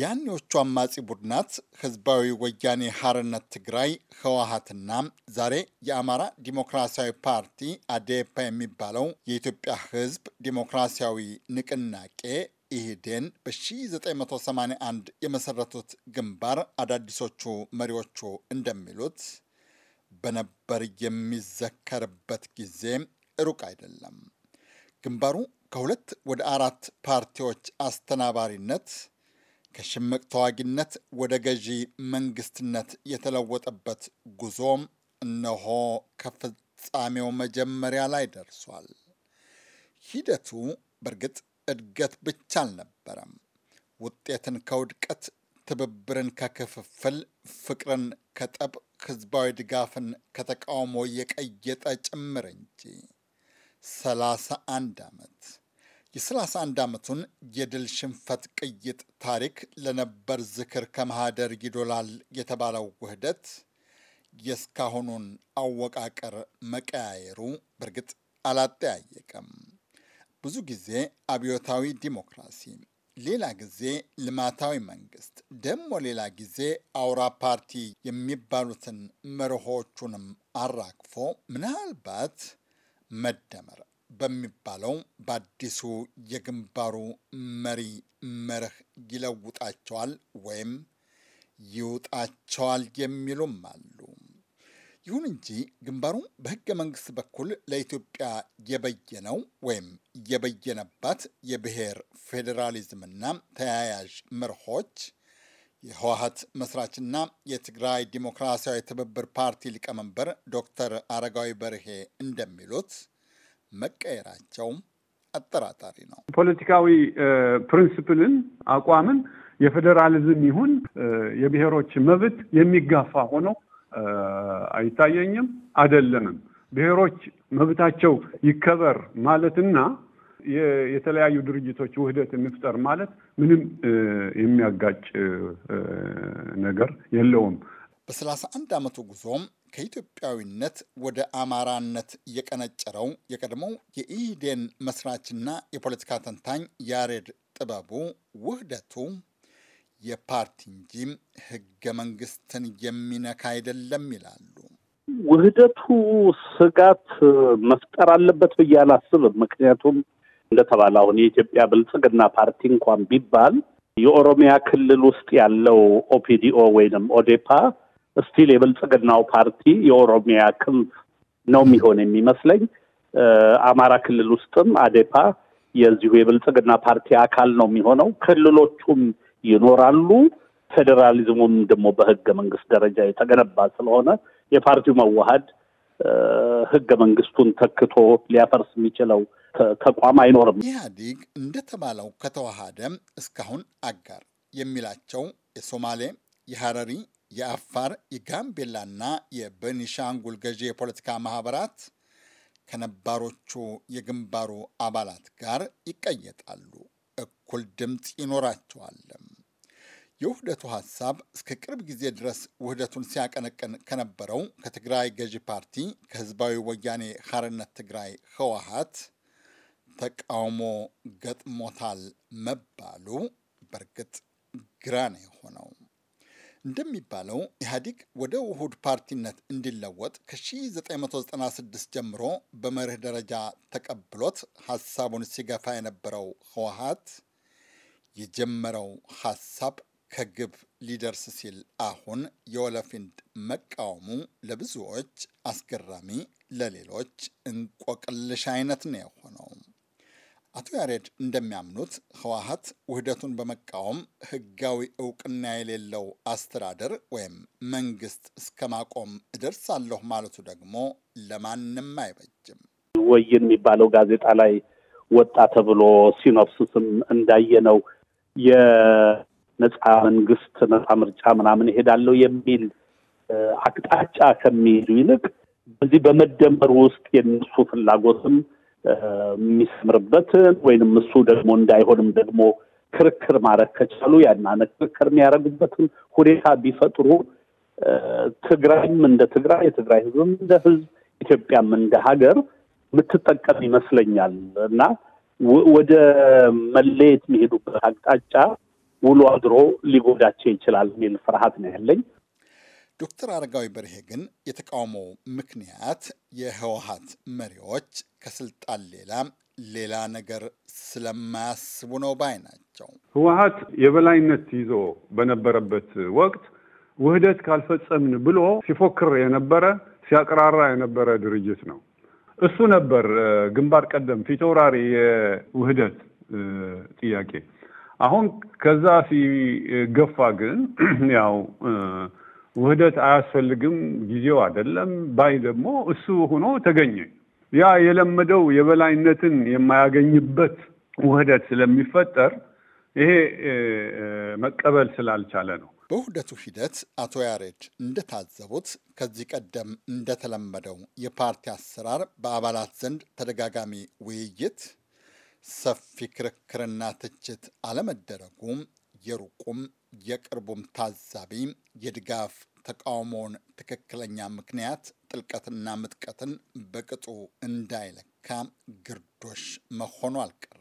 ያኔዎቹ አማጺ ቡድናት ህዝባዊ ወያኔ ሐርነት ትግራይ ህወሀትና ዛሬ የአማራ ዲሞክራሲያዊ ፓርቲ አዴፓ የሚባለው የኢትዮጵያ ህዝብ ዲሞክራሲያዊ ንቅናቄ ኢህዴን በ1981 የመሰረቱት ግንባር አዳዲሶቹ መሪዎቹ እንደሚሉት በነበር የሚዘከርበት ጊዜ ሩቅ አይደለም። ግንባሩ ከሁለት ወደ አራት ፓርቲዎች አስተናባሪነት ከሽምቅ ተዋጊነት ወደ ገዢ መንግስትነት የተለወጠበት ጉዞም እነሆ ከፍጻሜው መጀመሪያ ላይ ደርሷል። ሂደቱ በእርግጥ እድገት ብቻ አልነበረም። ውጤትን ከውድቀት፣ ትብብርን ከክፍፍል፣ ፍቅርን ከጠብ፣ ህዝባዊ ድጋፍን ከተቃውሞ የቀየጠ ጭምር እንጂ አንድ ዓመት የ31 ዓመቱን የድል ሽንፈት ቅይጥ ታሪክ ለነበር ዝክር ከማህደር ይዶላል የተባለው ውህደት የእስካሁኑን አወቃቀር መቀያየሩ በእርግጥ አላጠያየቀም። ብዙ ጊዜ አብዮታዊ ዲሞክራሲ፣ ሌላ ጊዜ ልማታዊ መንግስት፣ ደግሞ ሌላ ጊዜ አውራ ፓርቲ የሚባሉትን መርሆቹንም አራግፎ ምናልባት መደመር በሚባለው በአዲሱ የግንባሩ መሪ መርህ ይለውጣቸዋል ወይም ይውጣቸዋል የሚሉም አሉ። ይሁን እንጂ ግንባሩ በህገ መንግስት በኩል ለኢትዮጵያ የበየነው ወይም የበየነባት የብሔር ፌዴራሊዝምና ተያያዥ መርሆች የህወሀት መስራችና የትግራይ ዲሞክራሲያዊ ትብብር ፓርቲ ሊቀመንበር ዶክተር አረጋዊ በርሄ እንደሚሉት መቀየራቸውም አጠራጣሪ ነው። ፖለቲካዊ ፕሪንስፕልን አቋምን የፌዴራሊዝም ይሁን የብሔሮች መብት የሚጋፋ ሆኖ አይታየኝም። አይደለምም። ብሔሮች መብታቸው ይከበር ማለትና የተለያዩ ድርጅቶች ውህደት የሚፍጠር ማለት ምንም የሚያጋጭ ነገር የለውም። በ31 ዓመቱ ጉዞም ከኢትዮጵያዊነት ወደ አማራነት የቀነጨረው የቀድሞው የኢህዴን መስራችና የፖለቲካ ተንታኝ ያሬድ ጥበቡ ውህደቱ የፓርቲ እንጂ ህገ መንግስትን የሚነካ አይደለም ይላሉ። ውህደቱ ስጋት መፍጠር አለበት ብዬ አላስብም። ምክንያቱም እንደተባለ አሁን የኢትዮጵያ ብልጽግና ፓርቲ እንኳን ቢባል የኦሮሚያ ክልል ውስጥ ያለው ኦፒዲኦ ወይንም ኦዴፓ ስቲል የብልጽግናው ፓርቲ የኦሮሚያ ክንፍ ነው የሚሆን የሚመስለኝ። አማራ ክልል ውስጥም አዴፓ የዚሁ የብልጽግና ፓርቲ አካል ነው የሚሆነው። ክልሎቹም ይኖራሉ። ፌዴራሊዝሙም ደግሞ በህገ መንግስት ደረጃ የተገነባ ስለሆነ የፓርቲው መዋሀድ ህገ መንግስቱን ተክቶ ሊያፈርስ የሚችለው ተቋም አይኖርም። ኢህአዲግ እንደተባለው ከተዋሃደ እስካሁን አጋር የሚላቸው የሶማሌ፣ የሀረሪ የአፋር የጋምቤላና የበኒሻንጉል ገዢ የፖለቲካ ማህበራት ከነባሮቹ የግንባሩ አባላት ጋር ይቀየጣሉ፣ እኩል ድምፅ ይኖራቸዋልም። የውህደቱ ሀሳብ እስከ ቅርብ ጊዜ ድረስ ውህደቱን ሲያቀነቅን ከነበረው ከትግራይ ገዢ ፓርቲ ከህዝባዊ ወያኔ ሀርነት ትግራይ ህወሀት ተቃውሞ ገጥሞታል መባሉ በእርግጥ ግራ ነው የሆነው። እንደሚባለው ኢህአዲግ ወደ ውሁድ ፓርቲነት እንዲለወጥ ከ1996 ጀምሮ በመርህ ደረጃ ተቀብሎት ሀሳቡን ሲገፋ የነበረው ህወሀት የጀመረው ሀሳብ ከግብ ሊደርስ ሲል አሁን የወለፊንድ መቃወሙ ለብዙዎች አስገራሚ፣ ለሌሎች እንቆቅልሽ አይነት ነው የሆነው። አቶ ያሬድ እንደሚያምኑት ህወሀት ውህደቱን በመቃወም ህጋዊ እውቅና የሌለው አስተዳደር ወይም መንግስት እስከ ማቆም እደርሳለሁ ማለቱ ደግሞ ለማንም አይበጅም። ወይን የሚባለው ጋዜጣ ላይ ወጣ ተብሎ ሲኖፕስስም እንዳየነው የነጻ መንግስት ነጻ ምርጫ ምናምን እሄዳለሁ የሚል አቅጣጫ ከሚሄዱ ይልቅ በዚህ በመደመር ውስጥ የነሱ ፍላጎትም የሚሰምርበትን ወይንም እሱ ደግሞ እንዳይሆንም ደግሞ ክርክር ማድረግ ከቻሉ ያናነ ክርክር የሚያደርጉበትን ሁኔታ ቢፈጥሩ ትግራይም እንደ ትግራይ የትግራይ ህዝብም እንደ ህዝብ ኢትዮጵያም እንደ ሀገር የምትጠቀም ይመስለኛል እና ወደ መለየት የሚሄዱበት አቅጣጫ ውሎ አድሮ ሊጎዳቸው ይችላል የሚል ፍርሃት ነው ያለኝ። ዶክተር አረጋዊ በርሄ ግን የተቃውሞው ምክንያት የህወሀት መሪዎች ከስልጣን ሌላ ሌላ ነገር ስለማያስቡ ነው ባይ ናቸው። ህወሀት የበላይነት ይዞ በነበረበት ወቅት ውህደት ካልፈጸምን ብሎ ሲፎክር የነበረ ሲያቀራራ የነበረ ድርጅት ነው። እሱ ነበር ግንባር ቀደም ፊተውራሪ የውህደት ጥያቄ። አሁን ከዛ ሲገፋ ግን ያው ውህደት አያስፈልግም፣ ጊዜው አይደለም ባይ ደግሞ እሱ ሆኖ ተገኘ። ያ የለመደው የበላይነትን የማያገኝበት ውህደት ስለሚፈጠር ይሄ መቀበል ስላልቻለ ነው። በውህደቱ ሂደት አቶ ያሬድ እንደታዘቡት ከዚህ ቀደም እንደተለመደው የፓርቲ አሰራር በአባላት ዘንድ ተደጋጋሚ ውይይት፣ ሰፊ ክርክርና ትችት አለመደረጉም የሩቁም የቅርቡም ታዛቢ የድጋፍ ተቃውሞውን ትክክለኛ ምክንያት ጥልቀትና ምጥቀትን በቅጡ እንዳይለካ ግርዶሽ መሆኑ አልቀረ።